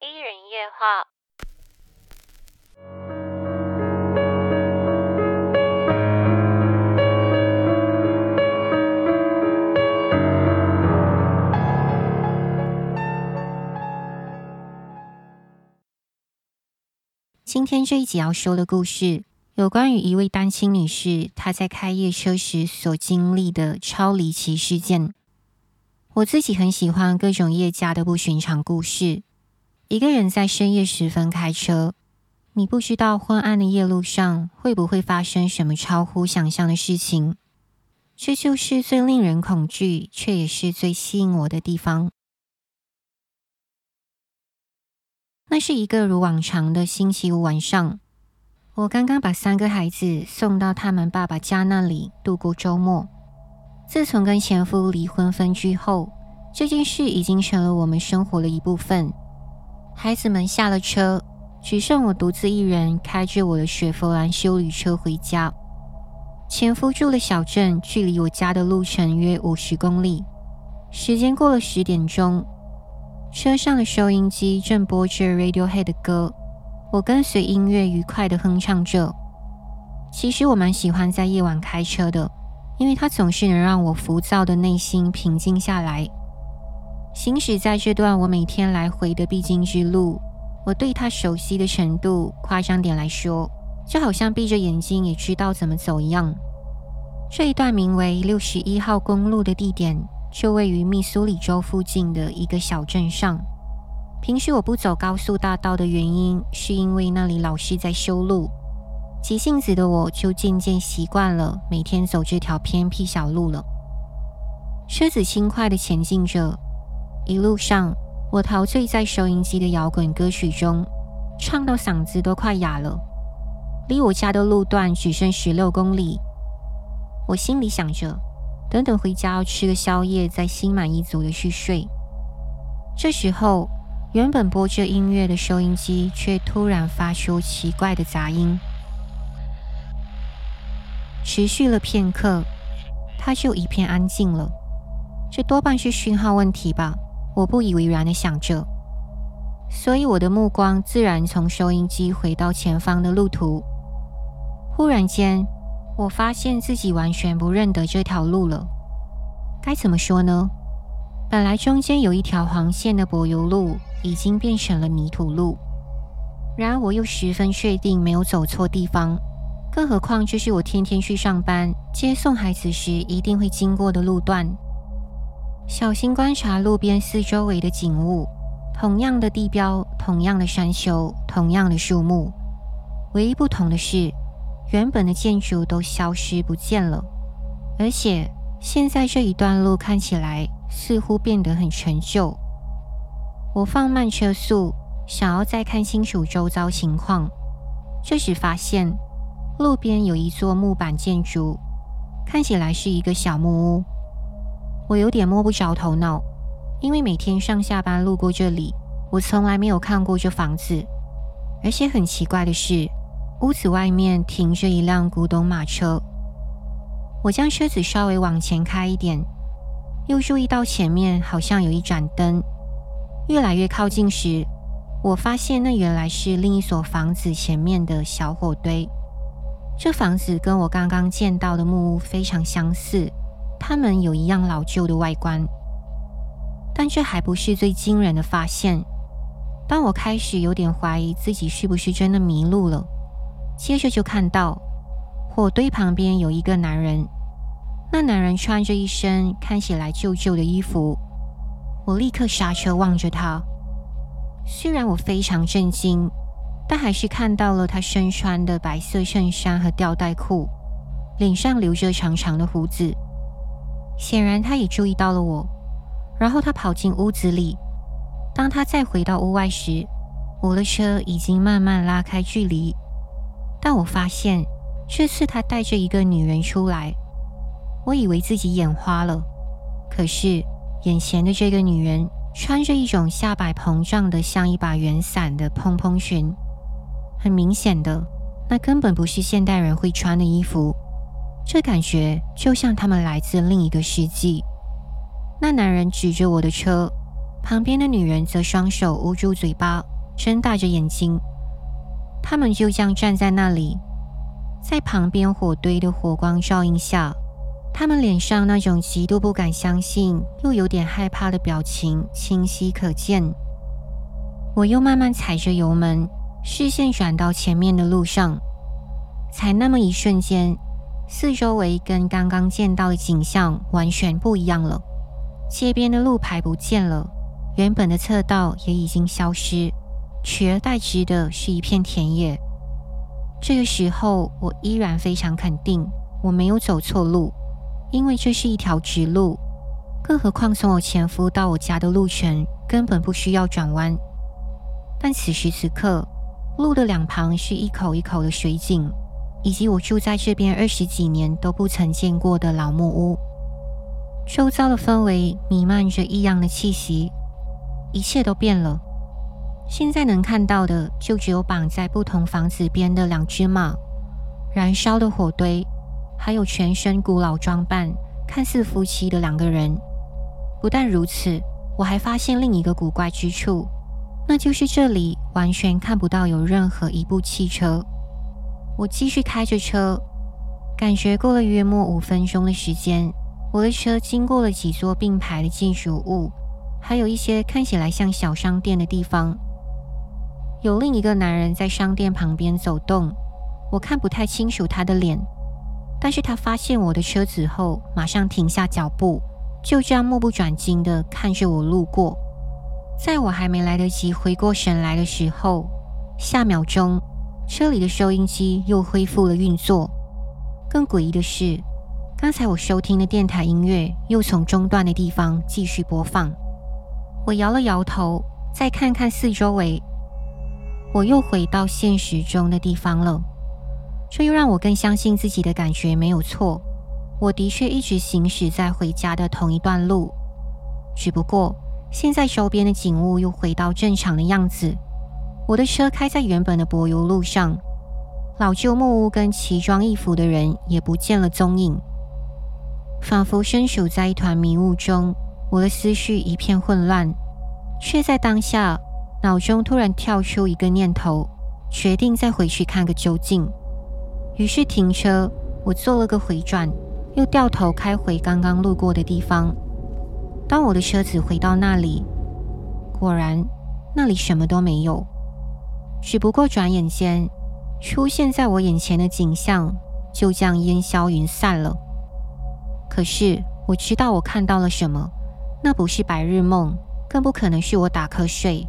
一人夜話。今天這一集要說的故事，有關於一位單親女士，她在開夜車時所經歷的超離奇事件。我自己很喜歡各種夜駕的不尋常故事。一個人在深夜時分開車，你不知道昏暗的夜路上會不會發生什麼超乎想象的事情。這就是最令人恐懼，卻也是最吸引我的地方。那是一個如往常的星期五晚上，我剛剛把三個孩子送到他們爸爸家那裡度過週末。自從跟前夫離婚分居後，這件事已經成了我們生活的一部分。孩子們下了車，只剩我獨自一人開着我的雪佛蘭休旅車回家。前夫住的小鎮距離我家的路程約五十公里。時間過了十點鐘，車上的收音機正播着 Radiohead 的歌，我跟隨音樂愉快地哼唱着。其實我蠻喜歡在夜晚開車的，因為它總是能讓我浮躁的內心平靜下來。行駛在這段我每天來回的必經之路，我對它熟悉的程度，誇張點來說，就好像閉着眼睛也知道怎麼走一樣。這一段名為六十一號公路的地點，就位於密蘇里州附近的一個小鎮上。平時我不走高速大道的原因，是因為那裡老是在修路。急性子的我就漸漸習慣了每天走這條偏僻小路了。車子輕快地前進着。一路上，我陶醉在收音機的搖滾歌曲中，唱到嗓子都快啞了。離我家的路段只剩十六公里，我心裡想着，等等回家要吃個宵夜，再心滿意足地去睡。這時候，原本播着音樂的收音機卻突然發出奇怪的雜音，持續了片刻，它就一片安靜了。這多半是訊號問題吧。我不以為然的想着，所以我的目光自然從收音機回到前方的路途。忽然間，我發現自己完全不認得這條路了。該怎麼說呢？本來中間有一條黃線的柏油路，已經變成了泥土路。然而我又十分確定沒有走錯地方，更何況這是我天天去上班、接送孩子時一定會經過的路段。小心觀察路邊四周圍的景物，同樣的地標，同樣的山丘，同樣的樹木，唯一不同的是，原本的建築都消失不見了。而且現在這一段路看起來似乎變得很陳舊。我放慢車速，想要再看清楚周遭情況。這時發現路邊有一座木板建築，看起來是一個小木屋。我有點摸不着頭腦，因為每天上下班路過這裡，我從來沒有看過這房子。而且很奇怪的是，屋子外面停着一輛古董馬車。我將車子稍微往前開一點，又注意到前面好像有一盞燈。越來越靠近時，我發現那原來是另一所房子前面的小火堆。這房子跟我剛剛見到的木屋非常相似。他們有一樣老舊的外觀，但這還不是最驚人的發現。當我開始有點懷疑自己是不是真的迷路了，接着就看到火堆旁邊有一個男人。那男人穿着一身看起來舊舊的衣服，我立刻剎車望着他。雖然我非常震驚，但還是看到了他身穿的白色襯衫和吊帶褲，臉上留着長長的鬍子。顯然他也注意到了我，然後他跑進屋子裡。當他再回到屋外時，我的車已經慢慢拉開距離。但我發現這次他帶着一個女人出來，我以為自己眼花了，可是眼前的這個女人穿着一種下擺膨脹的像一把圓傘的蓬蓬裙，很明顯的，那根本不是現代人會穿的衣服。這感覺就像他們來自另一個世紀。那男人指着我的車，旁邊的女人則雙手捂住嘴巴，睜大着眼睛。他們就像站在那裡，在旁邊火堆的火光照映下，他們臉上那種極度不敢相信又有點害怕的表情清晰可見。我又慢慢踩着油門，視線轉到前面的路上，才那麼一瞬間。四周圍跟剛剛見到的景象完全不一樣了，街邊的路牌不見了，原本的側道也已經消失，取而代之的是一片田野。這個時候，我依然非常肯定我沒有走錯路，因為這是一條直路，更何況從我前夫到我家的路程根本不需要轉彎。但此時此刻，路的兩旁是一口一口的水井。以及我住在這邊二十幾年都不曾見過的老木屋，周遭的氛圍彌漫着異樣的氣息，一切都變了。現在能看到的就只有綁在不同房子邊的兩隻馬、燃燒的火堆，還有全身古老裝扮、看似夫妻的兩個人。不但如此，我還發現另一個古怪之處，那就是這裡完全看不到有任何一部汽車。我繼續開着車，感覺過了約莫五分鐘的時間，我的車經過了幾座並排的建築物，還有一些看起來像小商店的地方。有另一個男人在商店旁邊走動，我看不太清楚他的臉，但是他發現我的車子後，馬上停下腳步，就這樣目不轉睛地看着我路過。在我還沒來得及回過神來的時候，下秒鐘，車裡的收音機又恢復了運作，更詭異的是，剛才我收聽的電台音樂又從中斷的地方繼續播放。我搖了搖頭，再看看四周圍，我又回到現實中的地方了。這又讓我更相信自己的感覺沒有錯，我的確一直行駛在回家的同一段路，只不過現在周邊的景物又回到正常的樣子。我的車開在原本的柏油路上，老舊木屋跟奇裝異服的人也不見了蹤影，仿佛身處在一團迷霧中。我的思緒一片混亂，卻在當下腦中突然跳出一個念頭，決定再回去看個究竟。於是停車，我做了個回轉，又掉頭開回剛剛路過的地方。當我的車子回到那裡，果然那裡什麼都沒有。只不過轉眼間，出現在我眼前的景象就這樣煙消雲散了。可是我知道我看到了什麼，那不是白日夢，更不可能是我打瞌睡，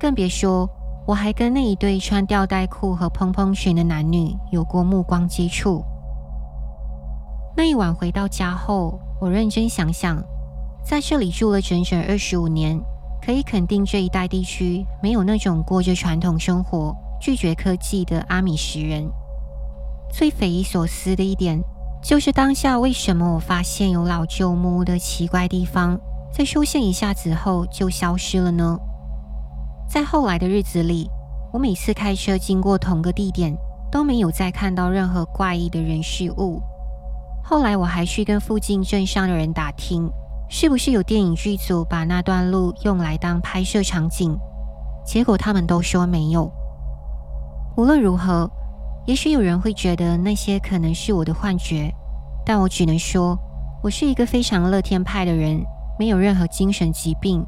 更別說我還跟那一對穿吊帶褲和蓬蓬裙的男女有過目光接觸。那一晚回到家後，我認真想想，在這裡住了整整二十五年。可以肯定，這一帶地區沒有那種過着傳統生活、拒絕科技的阿米什人。最匪夷所思的一點，就是當下為什麼我發現有老舊木屋的奇怪地方，在出現一下子後就消失了呢？在後來的日子裡，我每次開車經過同個地點，都沒有再看到任何怪異的人事物。後來我還去跟附近鎮上的人打聽。是不是有電影劇組把那段路用來當拍攝場景？結果他們都說沒有。無論如何，也許有人會覺得那些可能是我的幻覺，但我只能說，我是一個非常樂天派的人，沒有任何精神疾病，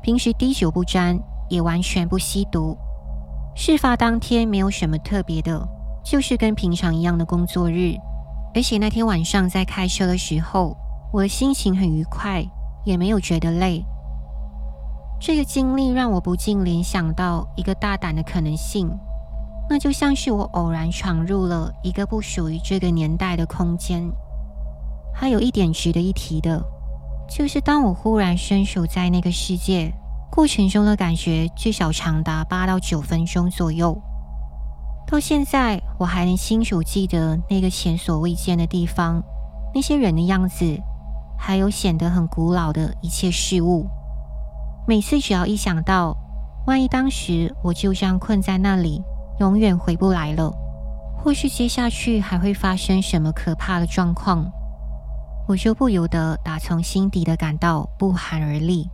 平時滴酒不沾，也完全不吸毒。事發當天沒有什麼特別的，就是跟平常一樣的工作日，而且那天晚上在開車的時候，我的心情很愉快，也沒有覺得累。這個經歷讓我不禁聯想到一個大膽的可能性，那就像是我偶然闖入了一個不屬於這個年代的空間。還有一點值得一提的，就是當我忽然身處在那個世界過程中的感覺，至少長達八到九分鐘左右。到現在，我還能清楚記得那個前所未見的地方，那些人的樣子。還有顯得很古老的一切事物，每次只要一想到，萬一當時我就這樣困在那裡，永遠回不來了，或許接下去還會發生什麼可怕的狀況，我就不由得打從心底的感到不寒而慄。